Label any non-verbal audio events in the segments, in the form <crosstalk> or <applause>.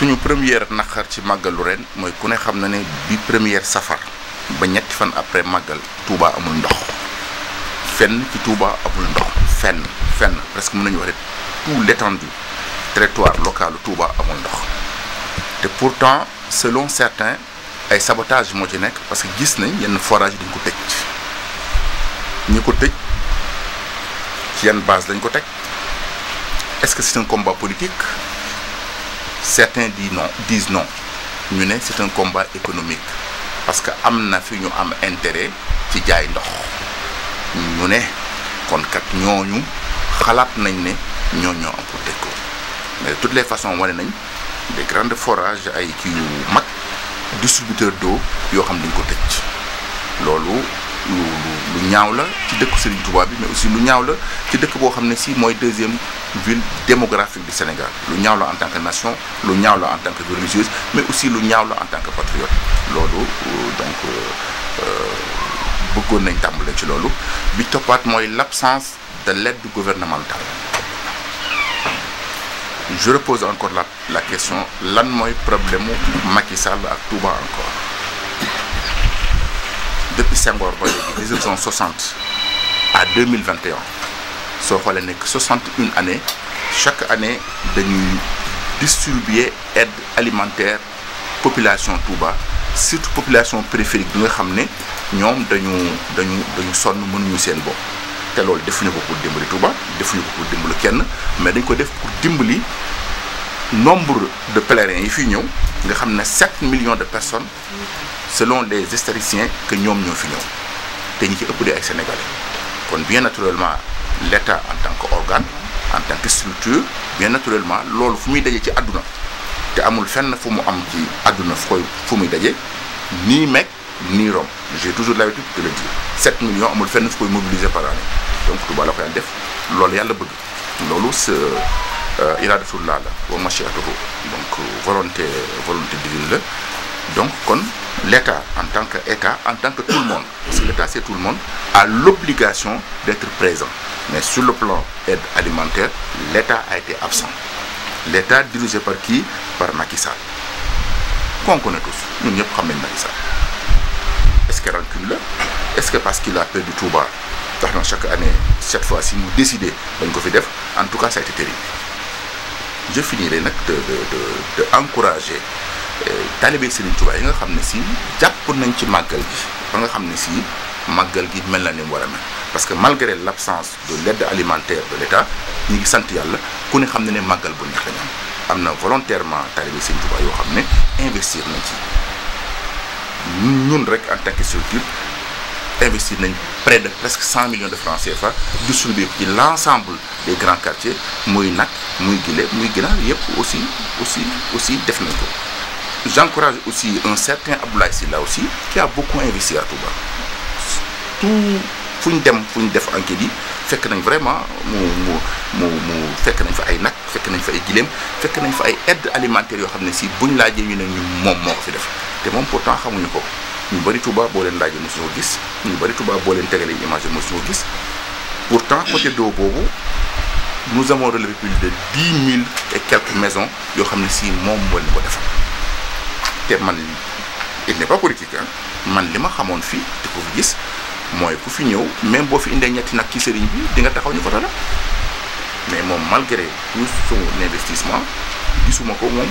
suñu première naqar ci màggalu ren mooy ku ne xam na ne bi première safar ba ñetti fan après màggal Touba amul ndox fenn ci Touba amul ndox fenn fenn presque mën nañu wax rek tout l'étendue territoire local Touba amul ndox te pourtant selon certains ay sabotage moo ci nekk parce que gis nañ yenn forage dañ ko tëj ñu ko tëj ci yan base lañ ko teg est-ce que c'est un combat politique certains disent non disent non ñu ne c'est un combat économique parce que am na fi ñu am intérêt ci jaay ndox ñu ne konkat ñooñu xalaat nañ ne ñoo ñoo am pour déco mais de toutes les façons wane nañ des grandes forages ay kii yu mag distributeur d'eau yoo xam dañ ko tëj loolu lu lu ñaaw la ci dëkku Serigne Touba bi mais aussi lu ñaaw la ci dëkk boo xam ne si mooy deuxième ville démographique du Sénégal lu ñaaw en tant que nation lu ñaaw en tant que religieuse mais aussi lu ñaaw la en tant que patriote loolu euh, donc euh, euh, bëggoon nañ tàmbale ci loolu bi toppaat mooy l'absence de l'aide gouvernementale je repose encore la la question lan mooy problème mu Macky Sall ak Touba encore depuis Senghor ba léegi 1960 à 2021 soo xoolee nekk 61 années chaque année dañuy distribuer aide alimentaire population Touba surtout population périphérique bi nga xam ne ñoom dañu dañu dañu sonn mënuñu seen bopp te loolu defuñu ko pour dimbali Touba defuñu ko pour dimbali kenn mais dañ ko def pour dimbali nombre de pèlerins yi fiy ñëw nga xam ne 7 million de personnes selon les statisticiens que ñoom ñoo fi ñëw te ñi ci ëpp di ay sénégalais kon bien naturellement. l'État en tant qu'organe en tant que structure bien naturellement loolu fu muy daje ci adduna te amul fenn fu mu am ci àdduna fu koy fu muy daje nii Mecque nii Rome j'ai toujours l'habitude de le dire 7 millions amul fenn fu koy mobiliser par année donc Touba la koy def loolu yàlla bëgg loolu sa euh, iradatullah la wa machiatuhu donc euh, volonté volonté la donc kon l'État en tant que État en tant que tout le monde parce que l'État c'est tout le monde a l'obligation d'être présent mais sur le plan aide alimentaire l'État a été absent l'État dirigé par qui par Macky Sall qu'on connaît tous ñun ñëpp xam nañ Macky Sall est-ce que rancune la est-ce que parce qu'il a perdu Touba tax na chaque année cette fois-ci mu décidé dañ ko fi def en tout cas ça a été terrible je finirai nag de de de, taalibe Serigne Touba yi nga xam ne si jàpp nañ ci màggal gi ba nga xam ne si màggal gi mel na ni mu war parce que malgré l' absence de l' aide alimentaire de l' état ñu ngi sant yàlla ku ne xam ne ne màggal bu neex lañu am na volontairement taalibe Serigne Touba yoo xam ne investir nañ ci ñun rek en tant que structure investir nañ près de presque cent millions de francs fa distribué ko ci l' ensemble des grands muy nag muy gile muy ginaar yëpp aussi aussi aussi def nañ ko. j'encourage aussi un certain si Sylla aussi qui a beaucoup investi à Touba tout fu ñu dem fu ñu def enquête yi fekk nañ vraiment mu mu mu mu fekk nañ fa ay nag fekk nañ fa ay gileem fekk nañ fa ay aide alimentaire yoo xam ne si buñ laajee ñu ne ñu moom moo ko fi def te moom pourtant xamuñu ko ñu bëri Touba boo leen laajee mosuñu ko gis ñu bëri Touba boo leen tegalee image mosuñu ko gis pourtant côté doo boobu nous avons relevé plus de dix mille et quelques maisons yoo xam ne si moom moo leen ko te man il n'est pas politique ah man li ma xamoon fii di ko fi gis mooy ku fi ñëw même boo fi indee ñetti nag ci sëriñ bi di nga taxaw ñu ko dara mais moom malgré tout son investissement gisuma ko moom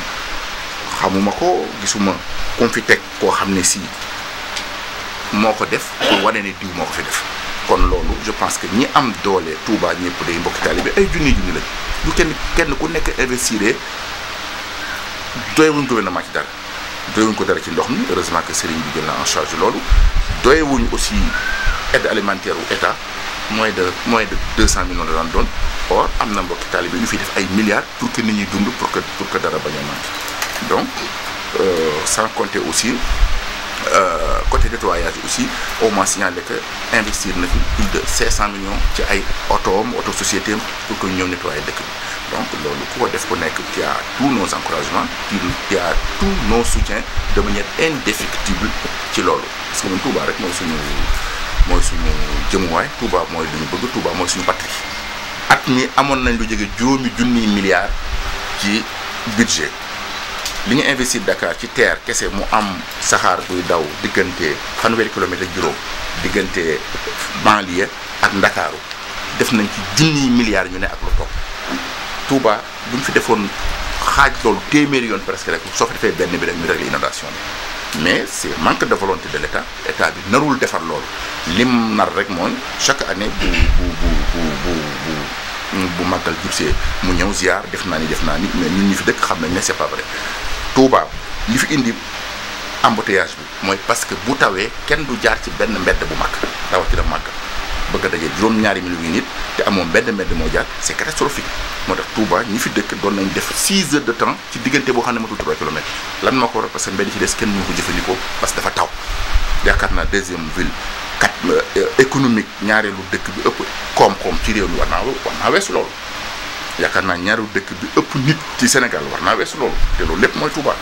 xamuma ko gisuma ku fi teg koo xam ne si moo ko def pour wane ne diw moo ko fi def kon loolu je pense que ñi am doole Touba ñëpp day mbokki taalibe ay junni junni lañ du kenn kenn ku nekk investir doy wuñ gouvernement ci dara doyewuñ ko dara ci ndox mi heureusement que Serigne bi jël na en charge loolu doyewuñ aussi aide alimentaire wu état moins de moins de 200 cent la daan doon or am na mbokki taalibe yu fi def ay milliards pour que nit ñi dund pour que pour que dara bañ a donc euh, sans compter aussi. Euh, côté nettoyage aussi au moins signalé que investir na fi plus de millions ci ay otoom auto société pour que ñëw nettoyer dëkk bi donc loolu ku ko def ku nekk tu as tous nos encouragements tu as tous nos soutiens de manière indéfectible ci loolu parce que ñun Touba rek mooy suñu mooy suñu jëmuwaay Touba mooy lu ñu bëgg Touba mooy suñu patrie at mi amoon nañ lu jege juróomi junniy milliards ci budget li ñu investir Dakar ci teer kese mu am saxaar buy daw diggante fanweeri kilomètre ak juróom diggante banlieue ak ndakaaru def nañ ci junniy milliards ñu ne ak lu topp Touba bu ñu fi defoon xaaj loolu téeméeri yoon presque rek soo fi defee benn bi rek ñu rek la inondation bi mais c'est manque de volonté de l'état état bi narul defar loolu lim nar rek mooy chaque année bu bu bu bu bu bu màggal jubsee mu ñëw ziar def naa ni def naa ni mais ñu ñi fi dëkk xam nañ ne c'est pas vrai Touba li fi indi embouteillage bi mooy parce que bu tawee kenn du jaar ci benn mbedd bu mag rawatina màgg bëgg a daje juróom-ñaari millions nit te amoo benn mbedd moo jaar c'est catastrophique moo tax Touba ñi fi dëkk doon nañ def 6 heures de temps ci diggante boo xam ne matul 3 kilomètres lan moo ko waral parce mbedd ci des kenn mënu ko jëfandikoo parce que dafa taw yaakaar naa deuxième ville kat euh, économique ñaareelu dëkk bi ëpp koom-koom ci réew mi war naa war loolu yaakaar naa ñaareelu dëkk bi ëpp nit ci Sénégal war naa weesu loolu te loolu lépp mooy Touba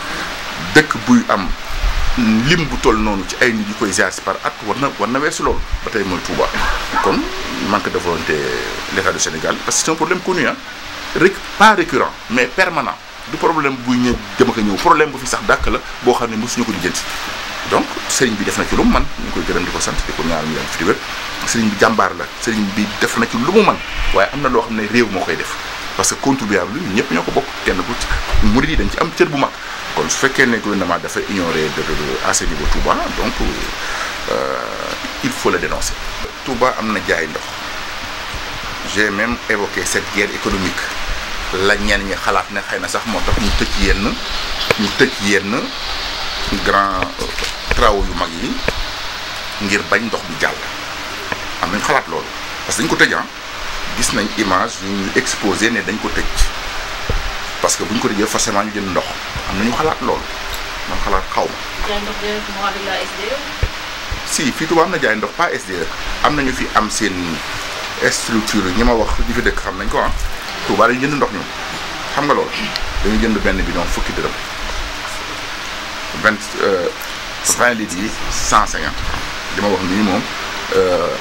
dëkk buy am lim bu toll noonu ci ay nit yu koy ziar par at war na war na weesu loolu ba tey mooy Touba kon manque de volonté l'état du Sénégal parce que c'est un problème connu ah rek pas récurrent mais permanent du problème buy ñëw jëm ak ñëw problème bu fi sax dàkk la boo xam ne mosuñu ko di sëriñ bi def na ci lu mu man ñu ngi koy gërëm di ko sant di ko ñaanal ñu yàlla fi di sëriñ bi jàmbaar la sëriñ bi def na ci lu mu man waaye am na loo xam ne réew moo koy def parce que contribuable bi ñëpp ñoo ko bokk kenn ku murid yi dañ ci am cër bu mag kon su fekkee ne gouvernement dafa ignoré de à ce niveau Touba donc euh, il faut le dénoncer. Touba am na jaay ndox j'ai même évoqué cette guerre économique la ñenn ñi xalaat ne xëy na sax moo tax ñu tëj yenn ñu tëj yenn grand. Euh, travaux yu mag yi ngir bañ ndox bi jàll am nañ xalaat loolu parce que dañ ko ah. gis nañ image ñu exposé ne dañ ko tëj que bu ñu ko tëjee forcément ñu jënd ndox am nañu xalaat loolu man xalaat xaw ma. E si fii tubaab na jaay ndox pas SDE am nañu fi am seen structure ñi ma wax ñi fi dëkk xam nañ ko ah tubaab dañu jënd ndox ñun xam nga loolu dañu jënd benn bidon fukki dërëm euh, vingt litres yi cent cinquante francs li ma wax nii moom euh,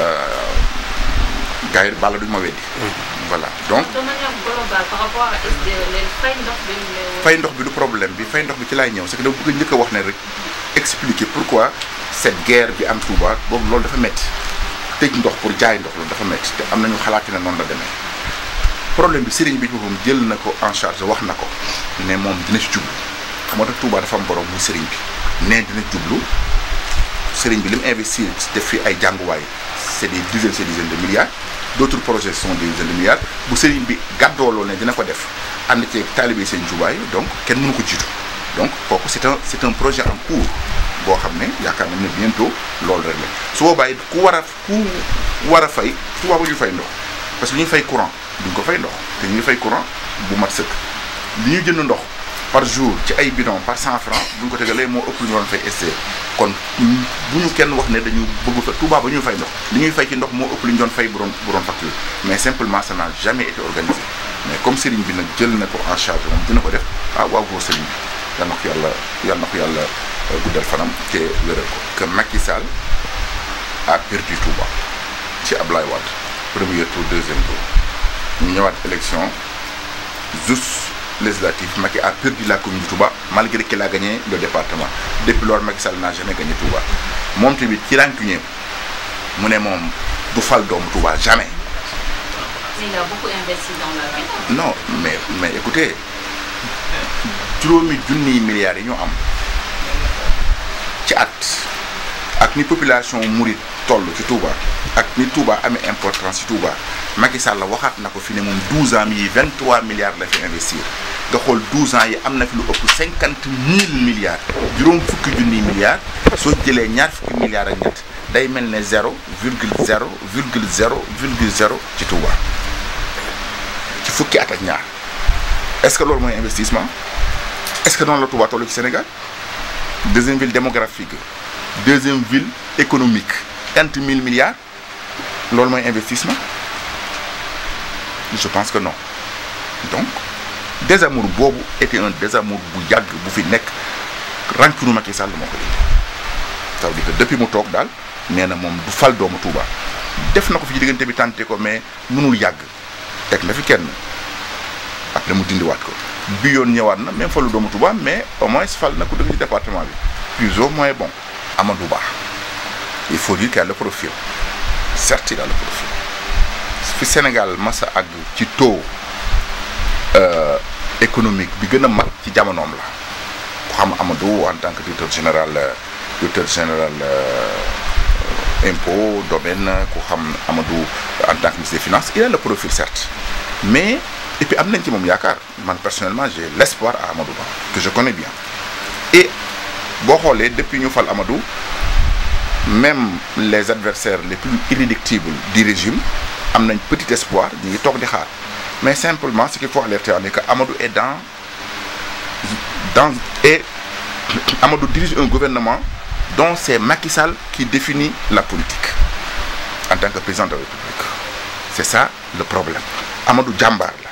euh, gars yi bala duñu ma weddi. voilà donc. de e, fay ndox bi. fay du problème bi fay ndox bi ci laay ñëw parce que dama bëgg njëkk a wax ne rek expliquer pourquoi cette guerre bi am Touba boobu loolu dafa métti tëj ndox pour jaay ndox loolu dafa métti te am nañu xalaat ne noonu la demee problème bi sëriñ bi moom jël na ko en charge wax na ko ne moom dina si jublu xam nga Touba dafa am borom mu sëriñ bi. nee dina jublu sëriñ bi li mu investir def fi ay jànguwaay c'est des dizaines c'est des de milliards d'autres projets sont des dizaines de milliards bu sëriñ bi gàddoo loolu ne dina ko def ànd ceeg taalibe seen jubaay donc kenn mënu ko jiitu donc kooku c'est un c'est un projet en cours boo xam ne yaakaar nañ ne bientôt loolu rek la su boobaa it ku war a ku war a fay tubaab yu fay ndox parce que li ñu fay courant duñ ko fay ndox te ñu fay courant bu mat li ñu jënd ndox. par jour ci ay bidon par cent franc bu ko tegalee moo ëpp lu ñu waroon fay SDE kon bu kenn wax ne dañu bëgg fa Touba ba ñu fay ndox li ñuy fay ci ndox moo ëpp lu ñu doon fay bu doon bu doon facture mais simplement ça n'a jamais été organisé mais comme Serigne bi na jël na ko en charge moom dina ko def ah waaw góor Serigne bi yal na ko yàlla yal na ko yàlla euh, guddal fanam te wéral ko que Macky Sall a perdu Touba ci Ablaye Wade premier tour deuxième tour ñu ñëwaat élection juste législative, Macky a perdu la commune de Touba malgré qu'il a gagné le département. Depuis lors, Macky Sall n'a jamais gagné Touba. Mon tribut, qui rancunier, mon mom, du fal d'homme Touba, jamais. Il mais, mais écoutez, juróomi junniy milliards yi ñu am ci at ak ni population murit toll ci Touba ak ni Touba amee importance ci Touba Macky Sall waxaat na ko fi ne moom 12 ans mi 23 milliards la fi investir nga xool 12 ans yi am na fi lu ëpp 50 mille juróom fukki junniy milliards soo jëlee ñaar fukki milliards ak ñett day mel ne 0 virgule 0 virgule 0 virgule 0 ci Touba ci fukki at ak ñaar est-ce que loolu mooy investissement est-ce que noonu la Touba tollu ci Sénégal deuxième ville démographique deuxième ville économique 50 mille milliards loolu mooy investissement. je pense que non donc désamour boobu était un désamour bu yàgg bu fi nekk rancune Macky Sall moo ko indi ça veut dire que depuis mu toog daal nee na moom du fal doomu Touba def na ko fi ci diggante bi tànte ko mais mënul yàgg teg na fi kenn après mu dindiwaat ko bi yoon ñëwaat na même falu doomu Touba mais au moins fal na ko dëgg ci département bi plus ou moins bon Amadou Ba il faut dire qu'il a le certes il a le profil fi Sénégal masa ak ci taux euh, économique bi gën a mag ci am la ku xam Amadou en tant que directeur général euh, directeur général euh, impôt domaine ku xam Amadou en tant que ministre des finances il a le profil certes mais et puis am nañ ci moom yaakaar man personnellement j'ai l'espoir à Amadou ma que je connais bien et boo xoolee depuis ñu fal Amadou même les adversaires les plus irréductibles du régime am nañ petit espoir ñu ngi toog di xaar mais simplement ce qu'il faut alerter c'est que Amadou est dans dans et <coughs> Amadou dirige un gouvernement dont c'est Macky Sall qui définit la politique en tant que président de la République c'est ça le problème Amadou jàmbaar la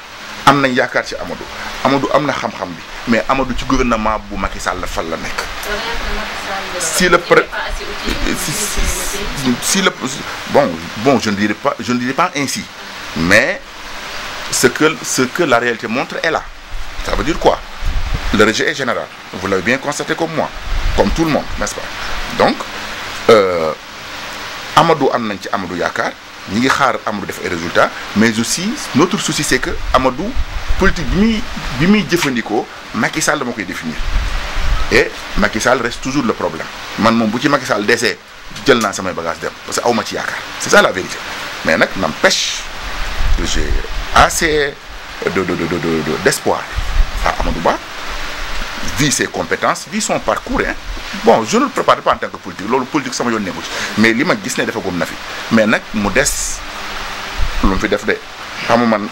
am nañ yaakaar ci Amadou Amadou am na xam-xam bi mais Amadou ci gouvernement bu Macky Sall fan la nekk. si le pre si si le bon bon je ne dirai pas je ne dirai pas ainsi mais ce que ce la réalité montre est là ça veut quoi le rejet est général vous l'avez bien constaté comme moi comme tout le monde n'est-ce pas donc euh, Amadou am nañ ci Amadou yaakaar ñi ngi xaar Amadou def ay résultats mais aussi notre souci c'est que Amadou. politique bi muy bi muy jëfandikoo Macky Sall dama koy définir et Macky Sall toujours le problème man moom bu ci Macky Sall desee jël naa samay bagage dem parce que awma ci yaakaar c'est ça la vérité mais nag n'empêche que j'ai assez de de de de d'espoir à ah, Amadou Ba vu ses compétences vu son parcours hein bon je ne le prépare pas en tant que politique loolu politique sama yoon nekku mais li ma gis ne dafa gom na fi mais nag mu des lu mu fi def de xam man.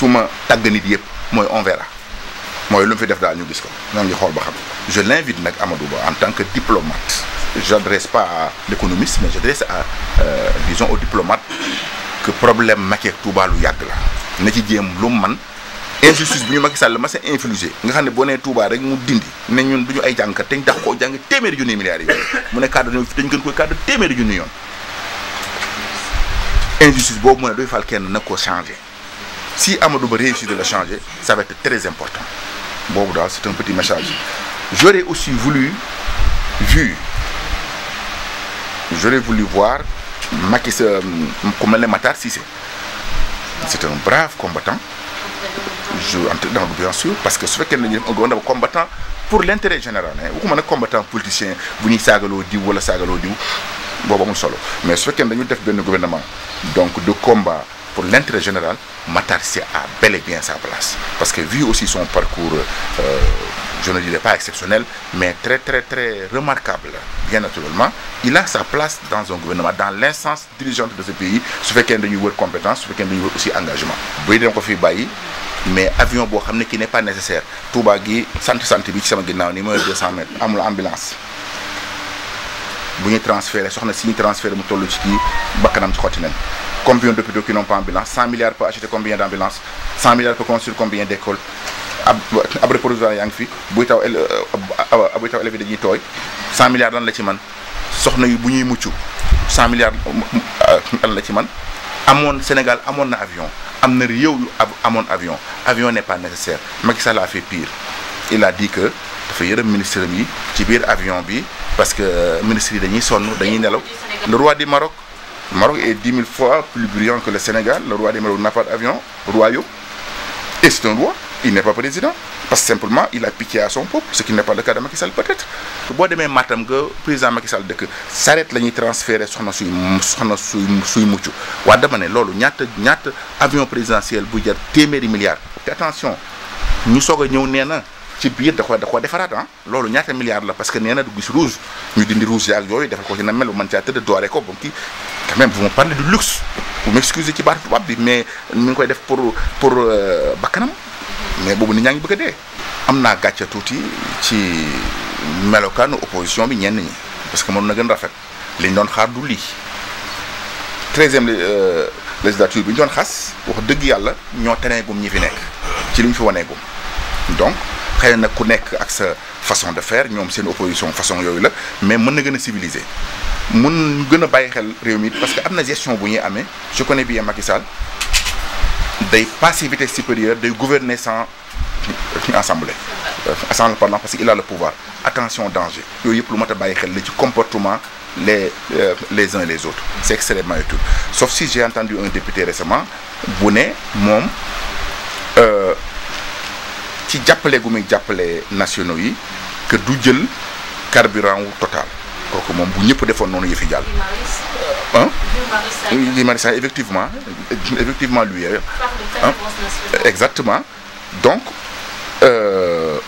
su ma tàgg nit yëpp mooy on verra mooy lu mu fi def daal ñu gis ko ñoo ngi xool ba xam je l'invite nag amadu Ba en tant que diplomate j'adresse pas à l'économiste mais j'adresse à euh, au aux diplomates que problème Macky ak Touba lu yàgg la na ci jéem lu mu man injustice bi ñu ma Macky Sall ma sa infligé nga xam ne boo nee Touba rek mu dindi ne ñun du ñu ay jàngkat te ñu tax koo jàng téeméeri junni milliards yi mu ne cadre dañu gën koy cadre téeméeri junni yoon injustice boobu mu ne doy fal kenn si Amadou Ba réussit de la changer ça va être très important boobu daal c'est un petit message j'aurais aussi voulu vu j'aurais voulu voir Macky sa euh, ku mel ne Matar Cissé c'est un brave combattant je entre dans le bien sûr parce que su fekkee ne ñu def un combattant pour l'intérêt général hein waxuma nag combattant politicien bu ñuy saagaloo diw wala saagaloo diw boobu amul solo mais su fekkee ne dañu def benn gouvernement donc de combat pour l'intérêt général, Matar a bel et bien sa place. Parce que vu aussi son parcours, euh, je ne dirais pas exceptionnel, mais très très très remarquable, bien naturellement, il a sa place dans un gouvernement, dans l'instance dirigeante de ce pays, ce fait qu'il y a une compétence, ce fait qu'il y a aussi engagement. mais avion boo xam ne ki n'est pas nécessaire Touba gi sant sant bi ci sama ginnaaw ni ma 200 mètres amul ambulance bu ñu transféré soxna si ñu transféré mu toll ci kii bakkanam ci xotti nañ combien d'hôpitaux qui n'ont pas ambulance 100 milliards peut acheter combien d'ambulances 100 milliards peut construire combien d'écoles abri provisoire yaa fi buy taw buy dañuy tooy 100 milliards lan la ci man soxna yi bu ñuy mucc 100 milliards euh, lan la ci man amoon Sénégal amoon na avion am na réew yu amoon avion avion n'est pas nécessaire Macky Sall a fait pire il a dit que dafa yërëm ministre bi ci biir avion bi parce que euh, ministre yi dañuy sonn dañuy nelaw le roi du Maroc Le Maroc est 10 000 fois plus brillant que le Sénégal. Le roi des Maroc n'a pas d'avion, royaume. Et c'est un roi. Il n'est pas président. Parce que simplement, il a piqué à son peuple, ce qui n'est pas le cas de Macky peut-être. boo demee Matam nga président Macky Sall dëkk sareet la ñuy transféré soxna suy suy suy mucc waa dama ne loolu ñaata ñaata avion présidentiel bu jar téeméeri milliards. te attention ñu soog a ci biir da ko da defaraat ah. loolu ñaata milliards la parce que nee na du gis rouge ñu dindi rouge yaag yooyu defal ko ci na mel bu mën caa tëdd doore ko ba mu kii quand même vous me parlez du luxe vous m'excusez ci baatu tubaab ngi koy def pour pour euh, bakkanam mais boobu nit ñaa ngi bëgg a dee am naa gàcce tuuti ci melokaanu opposition bi ñenn ñi parce que mënoon na gën rafet li ñu doon xaar du lii treizième euh, législature bi ñu doon xas wax dëgg yàlla ñoo teneegum ñi fi nekk ci li ñu fi waneegum donc xëy na ku nekk ak sa façon de faire ñoom seen opposition façon yooyu la mais mën na gën a civiliser mun gën a bàyyi xel réew parce que am na gestion bu ñuy amee je connais bien Macky Sall day passivité supérieure day gouverner sans euh, assemblée euh, assemblée pendant parce que il a le pouvoir attention danger yooyu yëpp lu mat a bàyyi xel la ci comportement les euh, les uns et les autres c'est extrêmement utile sauf si j'ai entendu un député récemment bu ne moom euh, ci jàppale gu muy jàppale nationaux yi que du jël carburant wu total kooku moom bu ñëpp defoon noonu yëfi jàll. ah Guy Marius Sagna effectivement effectivement lui ah exactement donc euh,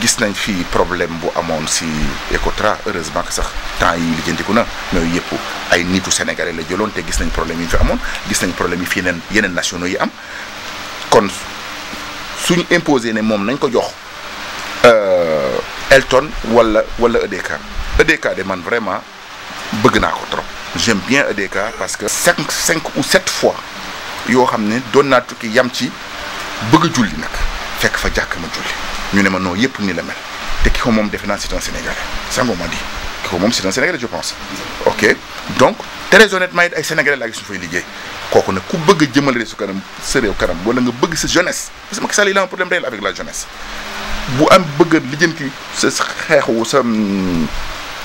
gis nañ fi problème bu amoon si Ecotra heureusement que sax temps yi lijjantiku na mais yëpp ay nitu sénégalais la jëloon te gis nañ problème yi ñu fi amoon gis nañ problème yi fi yeneen yeneen nationaux yi am kon suñ imposé ne moom nañ ko jox euh, Elton wala wala EDK EDK de man vraiment bëgg naa ko trop j'aime bien EDK parce que cinq cinq ou sept fois yoo xam ne doon naa tukki yam ci bëgg julli nag fekk fa jàkk ma julli ñu ne ma non yëpp ni la mel te ki ko moom defe naa c'est un Sénégalais ma di ki ko moom c'est un Sénégalais pense ok donc très honnêtement it ay Sénégalais laa gis ñu fay liggéey kooku nag ku bëgg a jëmale su kanam sa réew kanam wala nga bëgg sa jeunesse parce que Macky Sall il a un problème réel avec la jeunesse bu am bëgg a lijjanti sa xeexu sa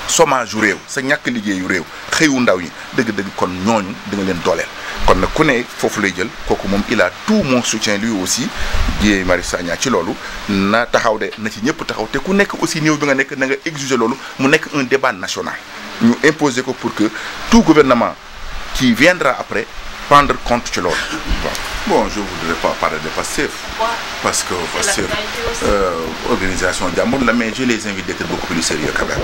somage mm, yu réew sa ñàkk liggéeyu réew xëyu ndaw yi dëgg-dëgg kon ñooñu da leen dooleel kon nag ku ne foofu lay jël kooku moom il a tout mon soutien lui aussi Guy Marius Sagna ci loolu na taxaw de na ci ñëpp taxaw te ku nekk aussi néew bi nga nekk na nga exiger loolu mu nekk un débat national ñu imposer ko pour que tout gouvernement qui viendra après pendre compte ci loolu. bon je voudrais pas parler de Pastef. parce que Pastef euh, organisation jàmbur la mais je les invite d'être beaucoup plus sérieux quand même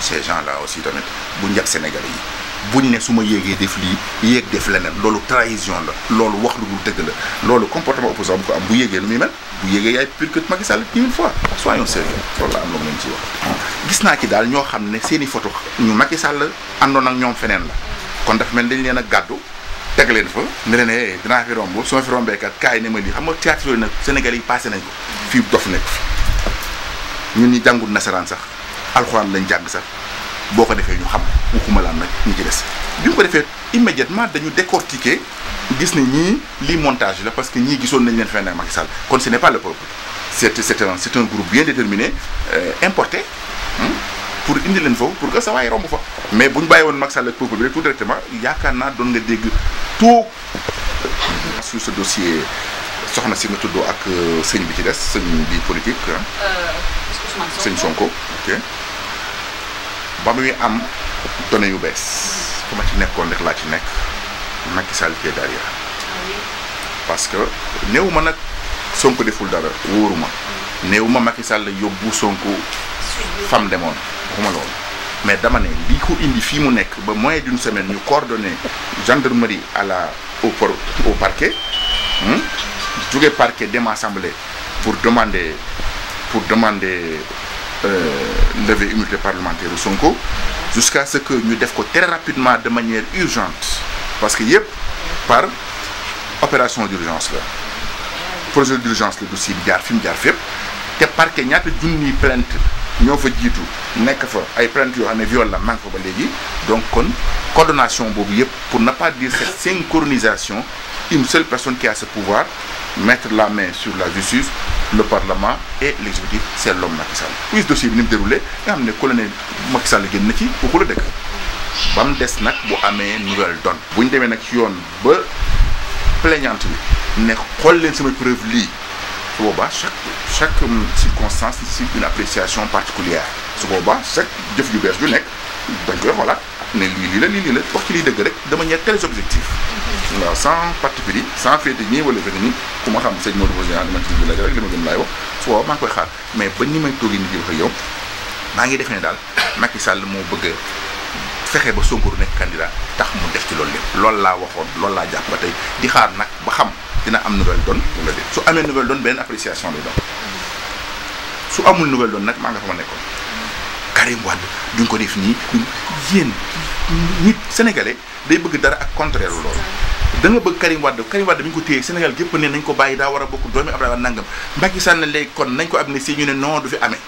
ces gens là aussi tamit bu njëkk Sénégalais yi. buñ ne su ma yéegee def li yéeg def leneen loolu trahison la loolu wax lu dul dëgg la loolu comportement opposant bu ko am bu yéegee lu muy mel bu yéegee yaay pire que Macky Sall une fois soyons sérieux loolu la am loolu lañ ci wax. gis naa ki daal ñoo xam ne seen photo ñu Macky Sall àndoon ak ñoom feneen kon dafa mel dañ leen a gàddu. teg leen fa ne leen eh dinaa fi romb su ma fi rombeekat kaay yi ne ma lii xam théâtre yooyu nag Sénégal yi passé nañ ko fii dof nekk fi ñun ñi jàngul nasaraan sax alxuraan lañ jàng sax boo ko defee ñu xam waxuma laan nag ñu ci des bi mu ko defee immédiatement dañu décortiquer gis ne ñii lii montage la parce que ñii gisoon nañ leen fenn ak Macky Sall kon ce n'est pas le peuple c'est c'est un c'est groupe bien déterminé euh, importé hmm, pour indi leen foofu pour que sa romb fa mais bu ñu bàyyi woon Macky Sall ak peuple bi rek tout directement yaakaar naa doon nga dégg tout sur ce dossier soxna si nga tuddoo ak euh, sëñ bi ci des sëñ bi politique euh, sëñ Sonko ok ba muy am données yu bees fa ma ci nekkoon rek laa ci nekk Macky Sall qui ah parce que néew ma nag Sonko deful dara wóoruma mm. néew ma Macky Sall yóbbu Sonko fam demoon waxuma loolu mais dama ne li ko indi fii mu nekk ba moins d'une semaine ñu coordonné gendarmerie à la au par au parquet hmm? jóge parquet dem assemblée pour demander pour demander euh, lever immunité parlementaire Sonko jusqu'à ce que ñu def ko très rapidement de manière urgente parce que yëpp par opération d'urgence la projet d'urgence la dossier bi jaar fi mu jaar fépp te parquet ñaata junniy plainte ñoo fa jiitu nekk fa ay plainte yoo xam ne viol la manque fa ba léegi donc kon coordination boobu yëpp pour ne pas dire cette synchronisation une seule personne qui a ce pouvoir mettre la main sur la justice le parlement et l'exécutif c'est l'homme Macky Sall puis dossier bi ni mu déroulé nga xam ne colonel Macky Sall génn na ci kooku la dëkk ba mu des nag bu amee nouvelle donne buñ demee nag yoon ba plaignante bi ne xool leen sama preuve lii su boobaa chaque chaque circonstance si une appréciation particulière su boobaa chaque jëf ju bees ju nekk dañ xoolaat ne lii lii la lii lii la wax ci liy dëgg rek de manière très objective mhm. sans parti pris sans féete ñii wala féete ku ma xam sëñ Modou Moussa li ma ci dugg laaj rek li ma gën xaar mais ba ñi may toogee nit yi wax maa ngi defee ne daal Macky Sall moo bëgg fexe ba Sonko nekk candidat tax mu def ci loolu lépp loolu laa waxoon loolu laa jàpp ba tey di xaar nag ba xam dina am nouvelle donne wala déet su amee nouvelle donne benn appréciation lay doon su amul nouvelle donne nag maa nga fa ma nekkoon Karim Wade duñ ko def nii yéen nit sénégalais day bëgg dara ak contraire loolu da nga bëgg Karim Wade Karim Wade mi ñu ko téye Sénégal gépp ne nañ ko bàyyi daa war a bokk doomi Abdoulaye Wade nangam Macky Sall lañ kon nañ ko amnistie ñu ne non du fi amee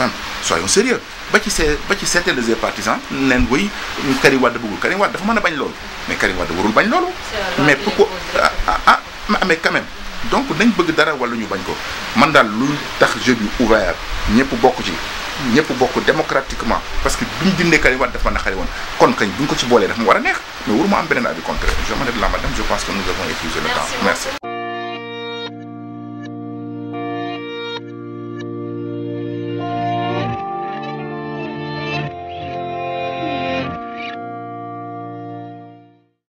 même soyons sérieux ba ci see ba ci seete des partisans leen bëggul Karim dafa mën a bañ loolu mais Karim Wade warul bañ loolu mais pourquoi ah, ah, ah, ah mais quand même donc nañ bëgg dara wala ñu bañ ko man daal lu tax jeu bi ouvert ñëpp bokk ci ñëpp bokk démocratiquement parce que bi ñu dindee Karim Wade dafa naqari woon kon kañ bu ko ci boolee dafa ma war a neex mais waruma am beneen avis contraire je me la madame je pense que nous avons